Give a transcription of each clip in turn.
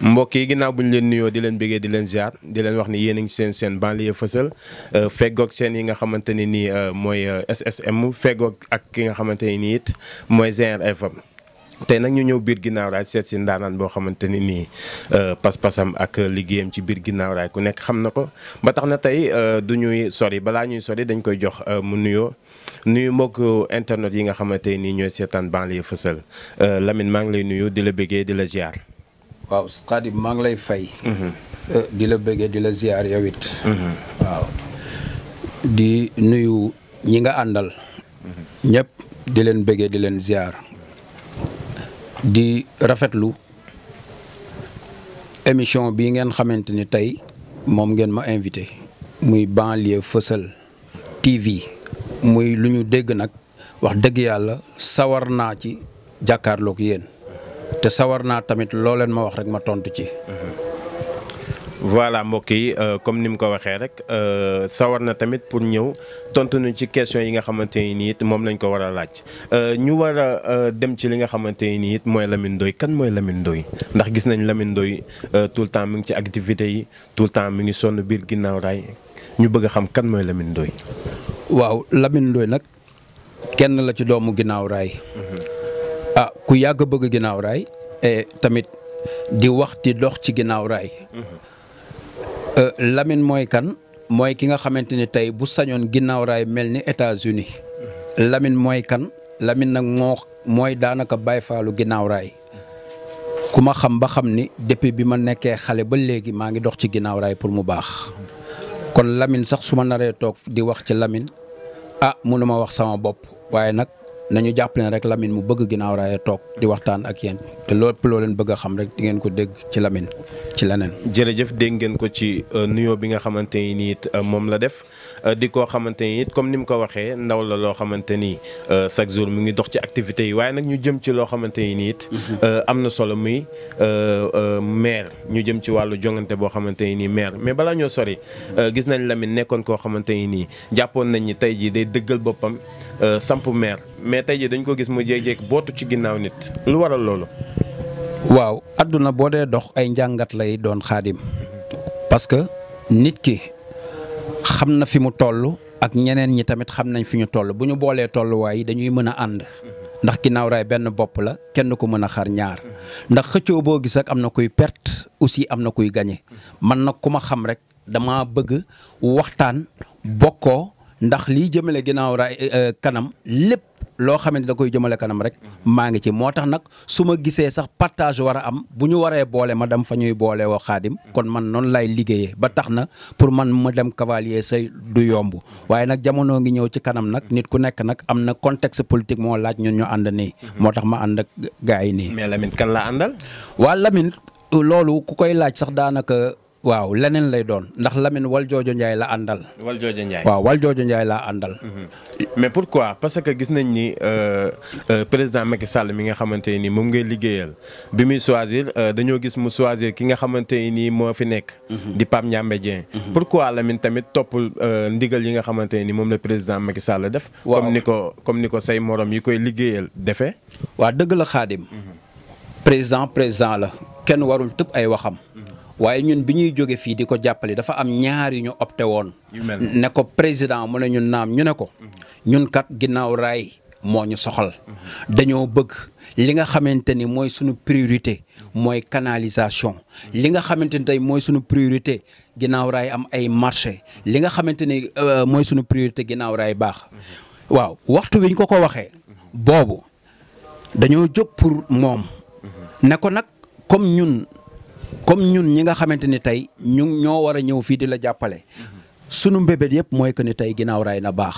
mbokk yi ginnaaw bu ñu leen nuyoo di leen bëggee di leen ziar di leen wax ni yéen a ngi seen seen banlieue fësal euh, feggoog seen yi nga xamante ne nii euh, mooy euh, SSM feggoog ak ki nga xamante ne nii it mooy GRFM tey nag ñu ñëw biir ginnaaw raay seet si boo xamante ni nii pas-pasam ak liggéeyam ci biir ginnaaw raay ku nekk xam na ko ba tax na tey du ñuy sori balaa ñuy sori dañ koy jox mu nuyoo nuyu mbokk internet yi nga xamante nii ñooy seetaan banlieue fësal Lamine maa ngi lay nuyu di la bëggee di la ziar. waaw Xaadim maa ngi lay fay. Mhm. Eh, di la bëggee di la ziar yow it. Mhm. waaw di nuyu ñi nga àndal. Mhm. ñëpp di leen bëggee di leen ziar. di rafetlu émission bi ngeen xamante ni tey moom ngeen ma invité muy banlieue fësal TV muy lu ñu dégg nag wax dëgg yàlla sawar naa ci jàkkaarloog yéen. te sawar naa tamit loo leen ma wax rek ma tontu ci. voilà mbokk yi euh, comme ni mu ko waxee rek euh, sawar na tamit pour ñëw tontu nu ci question yi nga xamante ni nii it moom lañ ko war a laaj euh, ñu war a dem ci li nga xamante ni nii it mooy Lamine Ndoye kan mooy Lamine dooy ndax gis nañ Lamine Ndoye tout le temps mi ngi ci activité yi tout le temps mi ngi sonn biir ginnaaw raay ñu bëgg a xam kan mooy Lamine Ndoye. waaw Lamine Ndoye nag kenn la ci doomu ginnaaw raay. Mhm. ah ku yàgg bëgg ginnaaw raay eh, tamit di wax di dox ci ginnaaw raay. Mm-hmm. Eh, Lamine mooy kan mooy ki nga xamante ni tey bu sañoon ginnaaw raay mel ni États-Unis mm-hmm. lamin mooy kan lamin nag moo mooy daanaka Baay Faalu ginnaaw raay. ku ma xam ba xam ni depuis bi ma nekkee xale ba léegi maa ngi dox ci ginnaaw raay pour mu baax kon lamin sax suma ma naree toog di wax ci Lamine ah mënuma wax sama bopp waaye nag nañu jàppale rek Lamine mu bëgg ginnaaw raay toog di waxtaan ak yéen te lépp loo leen bëgg a xam rek di ngeen ko dégg ci lamin ci leneen. jërëjëf dégg ngeen ko ci euh, nuyoo bi nga xamante ni it euh, moom la def euh, di koo xamante ni it comme ni mu ko waxee ndaw la loo xamante ni chaque jour mu ngi dox ci activité yi waaye nag ñu jëm ci loo xamante ni it. Mhm. am na solo muy maire ñu jëm ci wàllu jongante boo xamante ni maire mais balaa ñoo sori. gis nañ Lamine nekkoon koo xamante ni jàppoon nañ ni tey jii day dëggal boppam. Euh, samp maire mais tey jii dañ ko gis mu jéeg-jéeg bootu ci ginnaaw nit lu waral loolu. waaw àdduna boo dee dox ay njàngat lay doon xaadim parce que nit ki xam na fi mu toll ak ñeneen ñi tamit xam nañ fi ñu toll bu ñu boolee tolluwaay yi dañuy mën a ànd. ndax ginnaaw raay benn bopp la kenn ko mën a xar ñaar ndax xëccoo boo gis ak am na kuy perte aussi am na kuy gañe man nag ku ma xam rek dama bëgg waxtaan bokkoo ndax lii jëmale ginnaaw ra eh, eh, kanam lépp loo xamante da koy jëmale kanam rek maa ngi ci moo tax nag su ma gisee sax partage war am bu ñu waree boole ma dem fa ñuy boole woo xaadim kon man noonu lay liggéeyee ba tax na pour man ma dem cavalier say du yomb waaye nag jamono ngi ñëw ci kanam nag nit ku nekk nag am na contexte politique moo laaj ñun ñu ànd nii moo tax ma ànd ak gars yi nii. mais Lamine kan la àndal. waa Lamine loolu ku koy laaj sax daanaka. waaw leneen lay doon ndax Lamine Waljoojo Ndiaye la àndal. Waljoojo Ndiaye waaw Waljoojo Ndiaye la àndal. Mhm. mais pourquoi parce que gis nañ ni euh, euh, président Macky Sall mi nga xamante nii moom ngay liggéeyal bi muy choisir euh, dañoo gis mu choisir ki nga xamante ni moo fi nekk. Mhm. di Pape Ndiambé pour mhm. pourquoi Lamine tamit topp ndigal yi nga xamante nii moom la président Macky Sall def. comme ni ko comme ni ko say moroom yi koy liggéeyal defe waa dëgg la Xaadim président président la kenn warul tëb ay waxam. waaye ñun bi ñuy jóge fii di ko jàppale dafa am ñaar yu ñu opté woon. ne ko président mu ne ñun naam ñu ne ko. Mhm. ñun kat ginnaaw raay moo ñu soxal. Mhm. dañoo bëgg li nga xamante ni mooy suñu priorité mooy canalisation. Mhm. li nga xamante ni tey mooy suñu priorité ginnaaw raay am ay marché li nga xamante ni euh, mooy suñu priorité ginnaaw raay baax. waaw waxtu wiñ ko ko waxee. boobu dañoo jóg pour moom. ne nag comme ñun. comme ñun ñi nga xamante ni tey ñu ñoo war a ñëw fii di la jàppale. sunu mbébét yëpp mooy que ni tey ginnaaw raay na baax.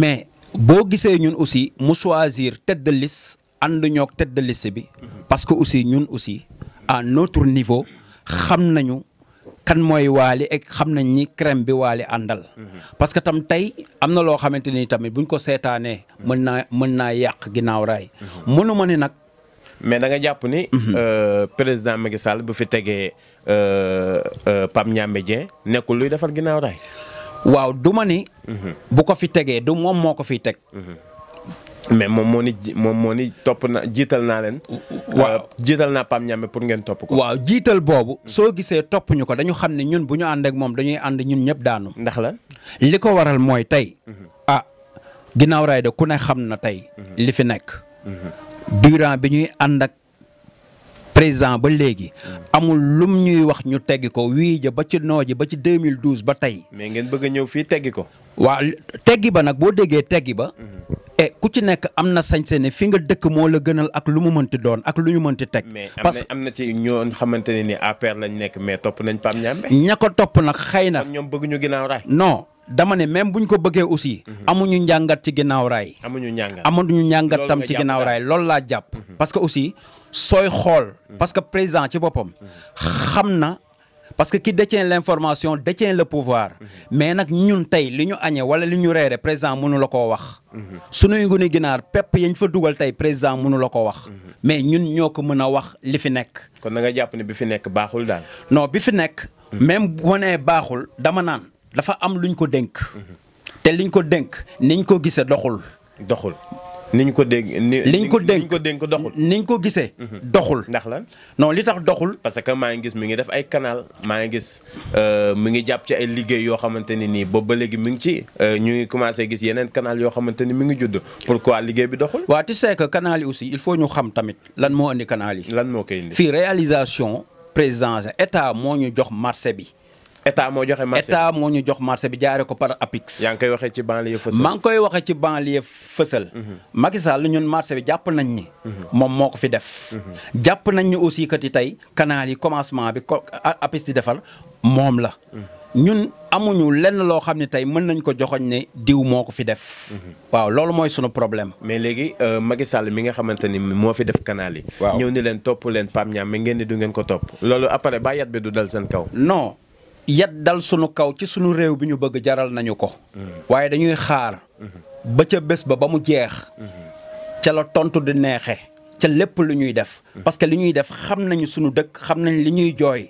mais boo gisee ñun aussi mu choisir tête de liste ànd ñoog bi. parce que aussi ñun aussi à notre niveau xam nañu. kan mooy waali ak xam nañ ñi crème bi waali àndal. parce que tam tey am na loo xamante ni tamit buñ ko seetaanee. mën naa mën naa yàq ginnaaw raay. mënu nag mais da nga jàpp ni. Mhm. Euh, président Macky Sall bu fi tegee euh, euh, pam Ndiambé Dieng nekkul luy defar ginnaaw waaw du ma ni. Mhm. bu ko fi tegee du moom moo ko fi teg. Mhm. mais moom moo ni topp na jiital naa leen. waaw jiital naa pam Ndiambé pour ngeen topp ko. waaw jiital boobu. soo gisee topp ñu ko dañu xam ne ñun bu ñu ànd moom dañuy ànd ñun ñëpp daanu. ndax la li ko waral mooy tey. ah ginnaaw de ku ne xam na tey. li fi nekk. durant bi ñuy ànd ak président ba léegi. amul lum ñuy wax ñu teggi ko wii ja ba ci noo ji ba ci 2012 ba tey. mais ngeen bëgg a ñëw fii teggi ko. waa teggi ba nag boo déggee teggi ba. Mhm. ku ci nekk am na sañ-sañ fi nga dëkk moo la gënal ak lu mu mënti doon ak lu ñu mënti teg. parce que am na ci ñoo xamante ne ni APR lañ nekk mais topp nañ Pape Niambe. topp nag xëy na ñoom bëgguñu ginnaaw raay non. dama ne même buñ ko bëggee aussi. Mhm. amuñu njàngat ci ginnaaw raay. amuñu njàngat amuñu njàngat tam ci ginnaaw raay loolu laa jàpp. Mhm. parce que aussi sooy xool. Mhm. parce que président ci boppam. xam na parce que qui détient l'information détient le pouvoir. mais nag ñun tey li ñu añee wala li ñu reere président mënula la koo wax. sunuy nguni ginaar pepp yañ fa dugal tey président mënu la ko wax. mais ñun ñoo ko mën a wax li fi nekk. kon na nga jàpp ne bi fi nekk baaxul daal. non bi fi nekk. même bu baaxul dama naan. dafa am luñ ko denk té liñ ko denk niñ ko gisee doxul. doxul niñ ko gise liñ ko denk doxul niñ ko gisee. Mhm. doxul ndax lan non li tax doxul. parce que ma ngi gis mi ngi def ay canal ma ngi gis euh, mi ngi japp ci ay liguey yo xamanteni ni nii ba légui mi ngi ci euh, ñu ngi commencé gis yenen canal yo xamanteni mi ngi judd pourquoi liguey bi doxul. wa tu sais que canal yi aussi il faut ñu xam tamit lan mo andi canal yi. lan mo kay indi fi réalisation présence état mo ñu jox marché bi. état moo joxe marché état moo ñu jox marché bi jaare ko par APIX. yaa koy waxee ci banlieue fësal maa ngi koy waxee ci banlieue fësal. Mhm. Macky Sall ñun marché bi jàpp nañ ni. Mhm. moom moo ko fi def. Mhm. jàpp nañ ni aussi kat yi tey canal yi commencement bi ko APIX di defar moom la. ñun amuñu lenn loo xam ne tey mën nañ ko joxoñ ne diw moo ko fi def. waaw loolu mooy sunu problème. mais léegi euh, Macky Sall mi nga xamante ni moo fi def canal yi. waaw ñëw ni leen topp leen Pape Niang mais ngeen ni du ngeen ko topp. loolu après ba yat bi du dal seen kaw. non. yat dal sunu kaw ci sunu réew bi ñu bëgg jaral nañu ko. waaye dañuy xaar. ba ca bés ba ba mu jeex. ca la tontu di neexe ca lépp lu ñuy def. parce que li ñuy def xam nañu sunu dëkk xam nañ li ñuy jooy.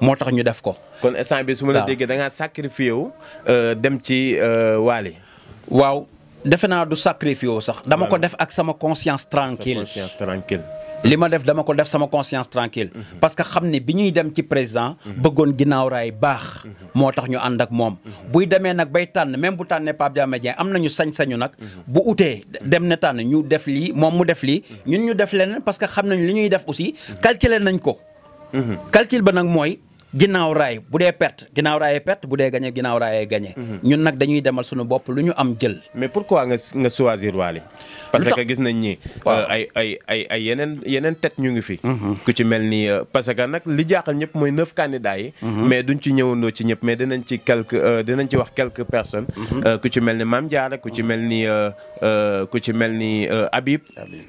moo tax ñu def ko. kon instant bi su ma la déggee da ngaa sacrifié wu euh, dem ci euh, Waly. waaw defe naa du sacrifié sax. dama ko def ak sama conscience tranquille. conscience tranquille. li ma def dama ko def sama conscience tranquille mhm. parce que xam biñuy dem ci président mhm. bëggoon ginaaw raay baax mhm. motax ñu ànd ak moom buy demee nag bay tan même bu tané Pape Diame Dieng am nañu sañ-sañu nak bu outé dem né tan ñu def li mom mu def li ñun ñu def lénen parce que xamnañ nañ li ñuy def aussi calculer nañ ko calcul ba nak moy ginnaaw raay bu perte ginnaaw raay perte bu dee gagné ginnaaw raay gagné. Mhm. ñun nak dañuy démal suñu bop luñu am jël. mais pourquoi nga nga choisir Wally parce que gis nañ ni. Euh, ay ay ay ay yenen yeneen tête ñu ngi fi. Mhm. ku ci melni euh, parce que nak li jaaxal ñep moy neuf candidats yi. Mhm. mais duñ ci ñëwandoo ci ñep mais dinañ ci quelque euh, dinañ ci wax quelques personnes. ku ci melni mam Mame ku ci mel ni ku ci melni Habib.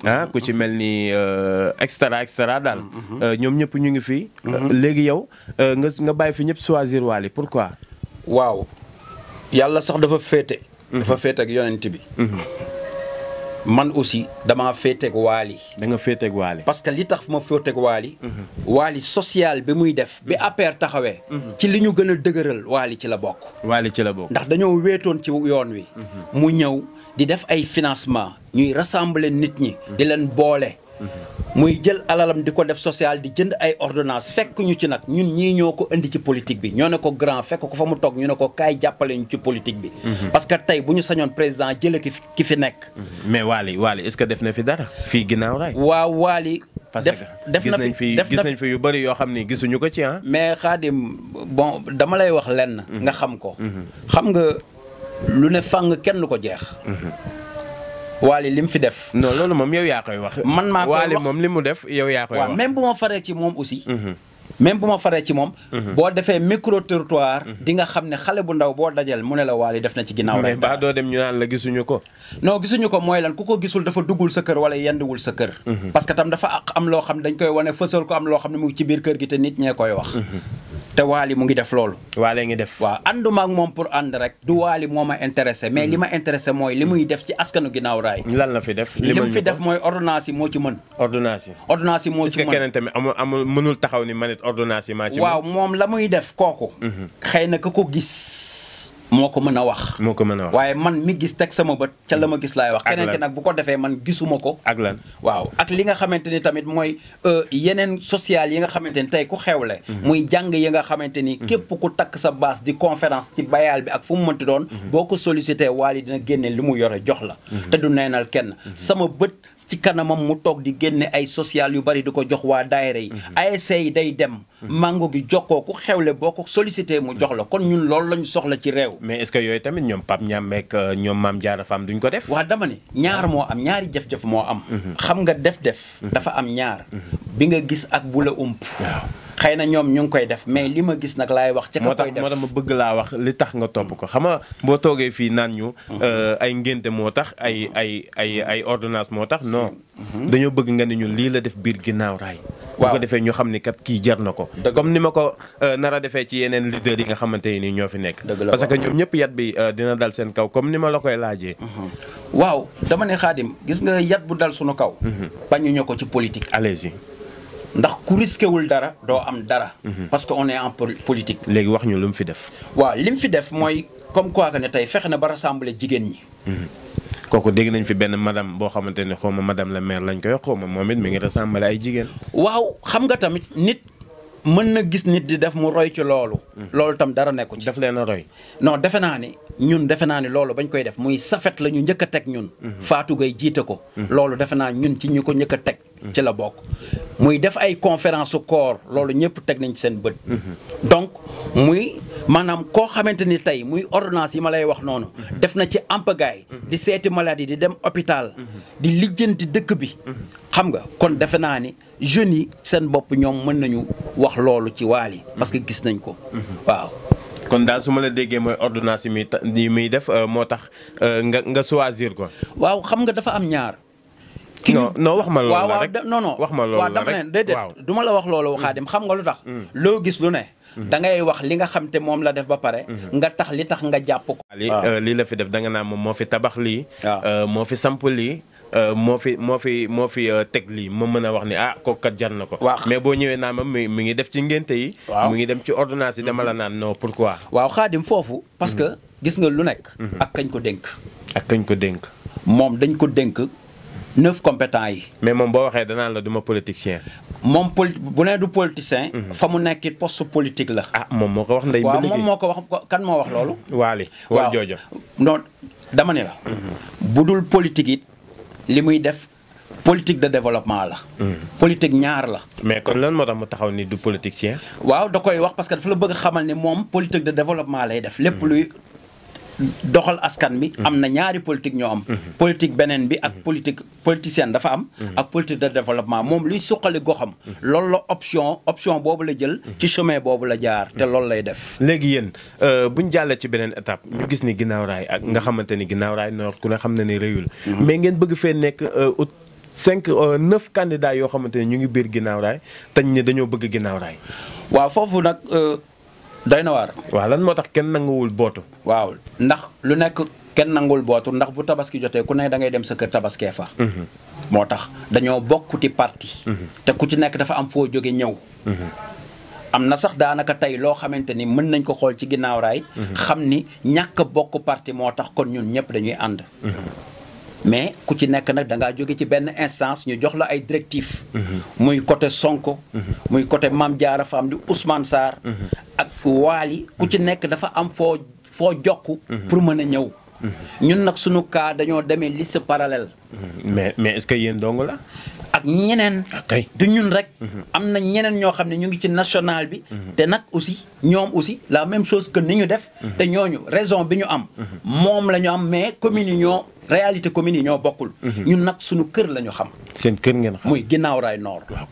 hein ku ci melni ni extra ah, extra daal. ñoom ñëpp ñu ngi fi. légui yow nga choisir wali pourquoi. waaw Yalla sax dafa Je mhm. dafa féete ak yonent bi. Mhm. man aussi fêter ak Wally. da nga avec wali. parce que li tax ma ak Wally. Mhm. wali social bi muy def bi taxawé ci liñu gëna wali ci la bokk. Wali ci la bokk ndax dañoo ci yoon wi. mu ñëw di def ay financement ñuy rassembler nit ñi. di len bolé. muy jël alalam di ko def social di jënd ay ordonnance fekk ñu ci nag ñun ñii ñoo ko indi ci politique bi ñoo ne ko grand fekk ko fa mu toog ñu ne ko kaay jàppale ñu ci politique bi. Mhm. parce que tey bu ñu sañoon président jëlee ki ki fi nekk. Mhm. mais Waly Waly est-ce que def na fi dara fii ginnaaw raay. waaw Waly. def def na fi def gis nañ fi yu bëri yoo xam ni gisuñu ko ci ah. mais Khadim bon dama lay wax lenn. nga mhm. xam ko. xam nga lu ne fang kenn ko jeex. Wally li mu fi def. non loolu moom yow yaa koy wax. man maa koy wax moom li mu def yow yaa koy wax. waaw même bu ma faree ci moom aussi. Mhm. même bu ma faree ci moom. Mhm. boo defee micro territoire. Mhm. di nga xam ne xale bu ndaw boo dajal mu ne la Wally def na ci ginnaaw rek. mais doo dem ñu naan la gisuñu ko. non gisuñu ko mooy lan ku ko gisul dafa duggul sa kër wala yenduwul sa kër. parce que tam dafa am loo xam dañ koy wane fësal ko am loo xam ne mu ngi ci biir kër gi te nit ñee koy wax. te Waly mu ngi def loolu. Waly ngi def waaw ànduma ak moom pour ànd rek. du Waly moo a intéressé mais li ma intéressé mooy li muy def ci askanu ginnaaw raay. lan la fi def li mu fi def mooy ordonnance moo ci mën. ordonnance yi moo ci mën est-ce que keneen tamit amul amul mënul taxaw ni man it ordonnance yi maa ci mën. waaw moom la muy def kooku. Mhm. xëy na ka ko gis. moo ko mën a wax. moo ko mën a wax waaye man mi gis teg sama bët ca la ma mm. gis laay wax. keneen ki nag bu ko defee man gisuma ko. ak lan waaw ak li nga xamante ni tamit mooy euh, yeneen social yi nga xamante ni tey ku xewle. Mm-hmm. muy jàng yi nga xamante ni. Mm-hmm. képp ku takk sa baas di conférence ci bayaal bi ak fu mu mënti doon. Mm-hmm. boo ko sollicité waali dina génne li mu yore jox la. te du neenal kenn sama bët ci kanamam mu toog di génne ay social yu bari di ko jox waa daayira yi. ASC yi day dem. Mhm. mango gi jox ko ku xewle boo ko sollicité mu jox la kon ñun loolu lañu soxla ci réew. mais est que yooyu tamit ñoom Pape Ñam meek euh, ñoom Maam Jaara Fam duñ ko def. waa dama ne ñaar ah. moo am ñaari jëf-jëf moo am. Mhm. xam nga def-def. Mhm. dafa am ñaar. bi nga gis ak bu la ump. xëy na ñoom ñu ngi koy def mais ah. li ma gis nag laay wax. ca ka koy def moo tax ma bëgg laa wax li tax nga topp ko xam nga boo toogee fii naan ñu. Euh, ay ngénte moo tax ay ay ay ay ordonnance moo tax non. dañoo bëgg nga ne ñu lii la def biir ginnaaw raay. waaw defee ñu xam ni kat kii jar na ko comme ni ma ko euh, nara defee ci yeneen leader yi nga xamante yi nii ñoo fi nekk parce que ñoom ñëpp yat bi euh, dina dal seen kaw comme ni ma la koy laajee mhm. waaw dama ne xaadim gis nga yat bu dal suñu kaw mhm. bañuñu ko ci politique allez-y ndax ku risqué wul dara doo am dara mhm. parce que on est en politique léegi wax ñu lu mu fi def waaw li mu fi def mooy comme quoi que ne tey fexe na ba rassembler jigéen ñi kooku dégg nañ fi benn madame boo xamante ne xaw ma madame la maire lañ koy wax xaw ma moom it mi ngi ressemble ay jigéen. waaw xam nga tamit nit mën na gis nit di def mu roy ci loolu. Hmm. loolu tam dara nekku ci. daf leen a roy. non defe naa ni ñun defe naa ni loolu bañ koy def muy safet la ñu njëkk a teg ñun. Hmm. faatu Gueye jiite ko. Hmm. loolu defe naa ñun ci ñu ko njëkk a teg. ci la bokk muy def ay conférence su koor loolu ñëpp teg nañ ci seen bët. donc muy manam ko xamanteni tay, muy ordonnance yi ma lay wax nonu def na ci ampagaay di setti maladie di dem hôpital di lijeenti dekk bi xam nga kon defe naa ni jeunes yi seen bopp ñoom mën nañu wax lolu ci wali parce que gis nañ ko waaw kon da suma la déggé moy ordonnance ni mi def euh, motax euh, nga nga choisir ko waaw xam nga dafa am ñaar non non wax ma loolu la rek non non wax ma loolu la rek waaw dama la wax loolu xaadim mm. xam nga lu tax mm. gis lu ne Mhm. da ngay wax li nga xam te moom la def ba pare. Mhm. nga tax li tax nga jàpp ko. Ah. Euh, lii la fi def da nga naan moom moo fi tabax lii. Ah. Euh, moo fi samp lii. Euh, moo fi moo fi moo fi teg lii ma mën a wax ni ah kooku jar na ko. mais boo ñëwee naa ma mi ngi def ci ngénte yi. mu ngi dem ci ordonnance yi dama la mhm. naan non pourquoi. waaw xaadim foofu. parce que gis nga lu nekk. ak kañ ko dénk. ak kañ ko dénk. moom dañ ko dénk. neuf compétents yi. mais mom bo waxé danaan la du politicien. mom poli bu du politicien. Mhm. fa mu nekk poste politique la. ah mom moko wax ndey waaw mom moko wax kan mo wax loolu. waali wala jojo non dama ne la. Mhm. budul politique it limuy def politique de développement la. Mhm. politique ñaar la. mais kon lan motam tax mu taxaw ni du politicien. waaw da koy wax parce que dafa la bëgg xamal ni mom politique de développement lay def lepp luy. doxal askan bi mm-hmm. am na ñaari politique ñoo am mm-hmm. politique beneen bi ak mm-hmm. politique politicienne dafa am ak politique de développement moom luy suqali goxam lool la option option boobu la jël ci chemin boobu la jaar te loolu lay def léegi yéen euh, buñ jàllee ci beneen étape ñu gis ni ginnaaw raay ak nga xamante ni ginnaaw raay noo ku ne xam na ni réyul mais ngeen bëgg fee nekk euh, cinq euh, neuf candidats yoo xamante ne ñu ngi biir ginnaaw raay tañ ni dañoo bëgg ginnaaw raay waaw foofu nag day na waar. waaw lan moo tax kenn nanguwul bootu. waaw ndax lu nekk kenn nanguwul bootu ndax bu tabaski jotee ku ne da ngay dem sa kër tabaskee fa. Mhm. moo tax dañoo bokkuti parti. Mhm. te ku ci nekk dafa am foo jóge ñëw. Mhm. am na sax daanaka tey loo xamante ni mën nañ ko xool ci ginnaaw raay. xam ni ñàkk bokk parti moo tax kon ñun ñëpp dañuy ànd. mais ku ci nekk nag da ngaa jóge ci benn instance ñu jox la ay directif muy côté Sonko. muy côté Mame Diarra Fam di Ousmane Sarr. ak Waly ku ci nekk dafa am foo foo jokk. pour mën a ñëw. ñun nag sunu cas dañoo demee liste parallèle. mais mais est-ce que yéen dong la. ak ñeneen. du ñun rek. am na ñeneen ñoo xam ne ñu ngi ci national bi. te nag aussi ñoom aussi la même chose que ni ñu def. te ñooñu raison bi ñu am. moom la ñu am mais communes yi ñoo réalité communes yi ñoo bokkul. Mhm. ñun nag suñu kër la ñu xam. seen kër ngeen xam muy ginnaaw raay nord. waaw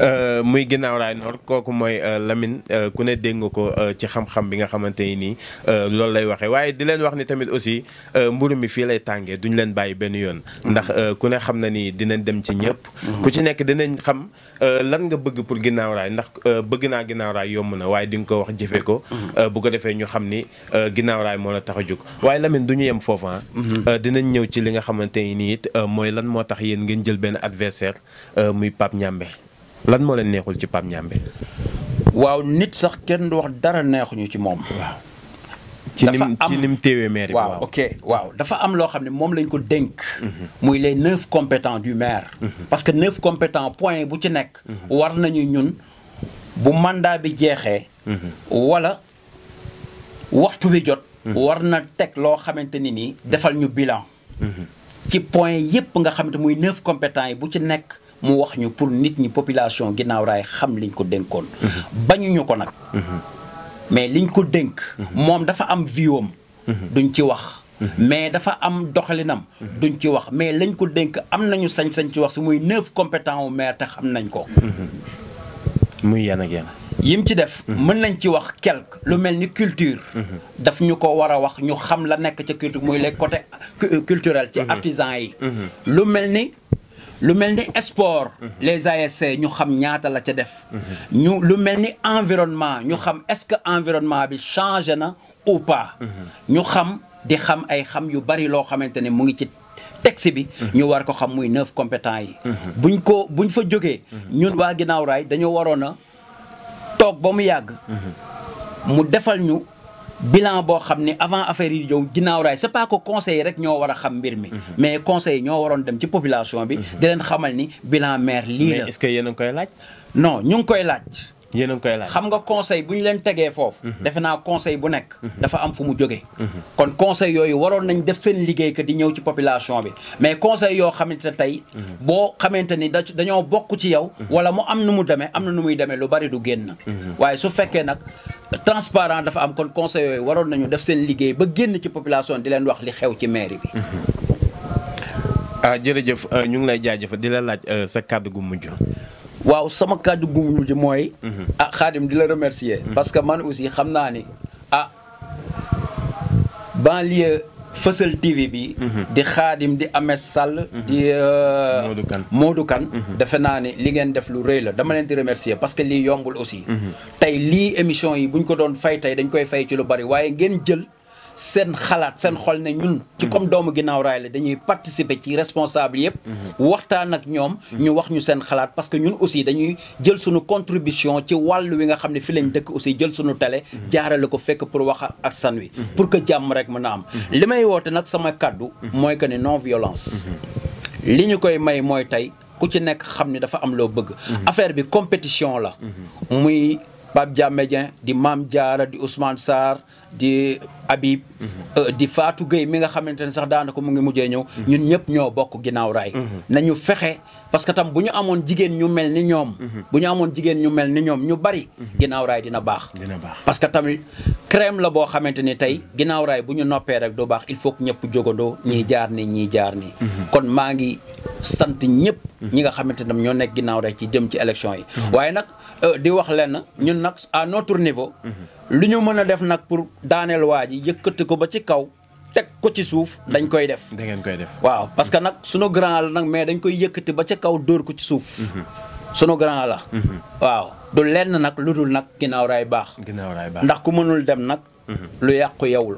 Euh, muy ginnaaw raay noor kooku mooy euh, Lamine euh, ku ne dégg nga ko ci xam-xam bi nga xamante ni nii loolu lay waxee waaye di leen wax ni tamit aussi mburu mi fii lay tàngee duñu leen bàyyi benn yoon. ndax ku ne xam na ni dinañ dem ci ñëpp. ku ci nekk dinañ xam lan nga bëgg pour ginnaaw raay ndax bëgg naa ginnaaw yomb na waaye di nga ko wax jëfee ko. bu ko defee ñu xam ni ginnaaw raay moo la tax a jóg waaye Lamine du ñu yem foofu ah. mhm. dinañ ñëw ci li nga xamante ni nii mooy lan moo tax yéen ngeen jël benn adversaire muy Pape Niambé lan mo len neexul ci pam Niambé. waaw nit sax kenn du wax dara neexu ñu ci mom waaw ci nim ci nim téwé maire waaw ok waaw dafa am lo xamné mom lañ ko denk mhm. muy les neuf compétents du maire. Mhm. parce que neuf compétents point bu ci nekk. Mhm. war nañu ñun bu mandat bi jéxé wala waxtu bi jot. war na tek lo xamante ni nii defal ñu bilan. ci point yépp nga xamante muy neuf compétents bu ci nekk. mu wax ñu pour nit ñi population ginnaaw raay xam liñ ko dénkoon. bañuñu ko nag. mais liñ ko dénk. moom dafa am viwam duñ ci wax. mais dafa am doxalinam. duñ ci wax mais lañ ko dénk am nañu sañ-sañ ci wax si muy neuf compétent au maire te xam nañ ko. muy yan ak yan. yim ci def. mën nañ ci wax quelque lu mel ni culture. daf ñu ko war a wax ñu xam la nekk ca culture muy les côté culturel ci mhm. artisan yi. Mhm. lu mel ni lu mel sport les ASC ñu xam ñaata la ci def ñu lu melni environnement ñu xam est-ce que environnement bi changé na ou pas ñu xam di xam ay xam yu bari lo xamantene ne mu ngi ci texte bi ñu war ko xam muy neuf compétents yi buñ ko buñ fa joggé ñun wa ginaaw raay dañoo warona a ba mu yag mu defal ñu bilan bo avant affaire yi c'est pas que conseil rek ño wara xam mbir mi. Mhm. mais conseil ño waroon dem ci population bi. Mhm. di bilan maire est-ce que y a non ñu ngoy yéen a ngi xam nga conseil bu ñu leen tegee foofu. Mhm. defe naa conseil bu nekk. Mhm. dafa am fu mu jógee. Mhm. kon conseil yooyu waroon nañ def seen liggéey que di ñëw ci population bi mais conseil yoo xamante ne tey. boo xamante ni da dañoo bokk ci yow. wala mu am nu mu demee am na nu muy demee lu bari du génn. waaye su fekkee nag. transparent dafa am kon conseil yooyu waroon nañu def seen liggéey ba génn ci population di leen wax li xew ci mairie bi. ah jërëjëf euh, ñu ngi lay jaajëfal di laaj euh, sa kàddu gu mujj. waaw sama kàddu gu mujj mooy. ah xaadim di la remercier. parce que man aussi xam naa ni ah banlieue fësal TV bi. di xaadim di Ahmed Sall. di Modou Kane Modou Kane. defe naa ne li ngeen def lu rëy la dama leen di remercier parce que lii yombul aussi. tey lii émission yi buñ ko doon fay tey dañ koy fay ci lu bari waaye ngeen jël. sen xalaat sen xol ne ñun. ci comme doomu ginaaw raay la dañuy participer ci responsable yépp waxtaan ak ñom ñu wax ñu sen xalaat parce que ñun aussi dañuy jël suñu contribution ci walu wi nga xam fi lañ dëkk aussi jël suñu télé. jaarale ko fekk pour wax ak san wi. pour que jam rek mëna am. limay wote nak sama cadeau moy que ne non violence. liñu koy may moy tay ku ci nekk xamni dafa am lo bëgg. affaire bi compétition la. muy Pape Diame Dieng di maam Diarra di Ousmane Sarr di Habib. Mhm. Euh, di faatu Gueye mi nga xamante ne sax daanaka mu ngi mujjee ñëw. Mhm. ñun ñëpp ñoo bokk ginnaaw raay. Mhm. nañu fexe parce que tam bu ñu amoon jigéen ñu mel ni ñoom. bu ñu amoon jigéen ñu mel ni ñoom ñu bari. ginnaawraay dina baax. dina baax parce que tamit crème la boo xamante ni tey ginnaawraay bu ñu noppee rek du baax il faut que ñëpp jógandoo ñii jaar ni ñii jaar nii. kon maa ngi sant ñëpp. ñi nga xamante ne ñoo nekk ginnaaw raay ci jëm ci élection yi. waaye nag. Euh, di wax lenn ñun nag à notre niveau. lu ñu mën a def nag pour daaneel waa ji yëkkati ko ba ci kaw. teg ko ci suuf dañ koy def. da koy def waaw parce que nag sunu grand la nag mais dañ koy yëkkati ba ca kaw dóor ko ci suuf. sunu grand la. waaw du lenn nag lu dul nag ginnaaw raay baax. ginnaaw raay ndax ku mënul dem nag. lu yàqu yow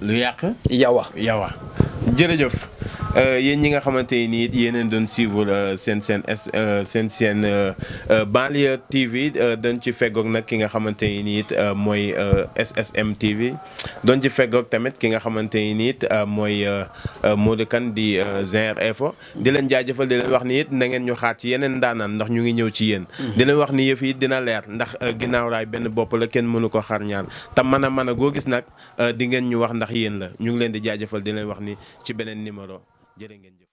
lu yàq. yawa yawa jërëjëf. Euh, yéen ñi nga xamante ni it yéen doon suivre euh, seen seen euh, seen seen banlieue TV doon ci feggoog nag ki nga xamante ni it mooy SSM TV doon ci feggoog tamit ki nga xamante ni it mooy Modou Kane di Zair Info di leen jaajëfal di leen wax ni it na ngeen ñu xaat ci yeneen ndaanaan ndax ñu ngi ñëw ci yéen. Mm-hmm. di leen wax ni yëf yi dina leer ndax ginnaaw raay benn bopp la kenn mënu ko xar ñaar te mën a mën goo gis nag di ngeen ñu wax ndax yéen la ñu ngi leen di jaajëfal di wax ni ci beneen numéro. jërë ngeen jëf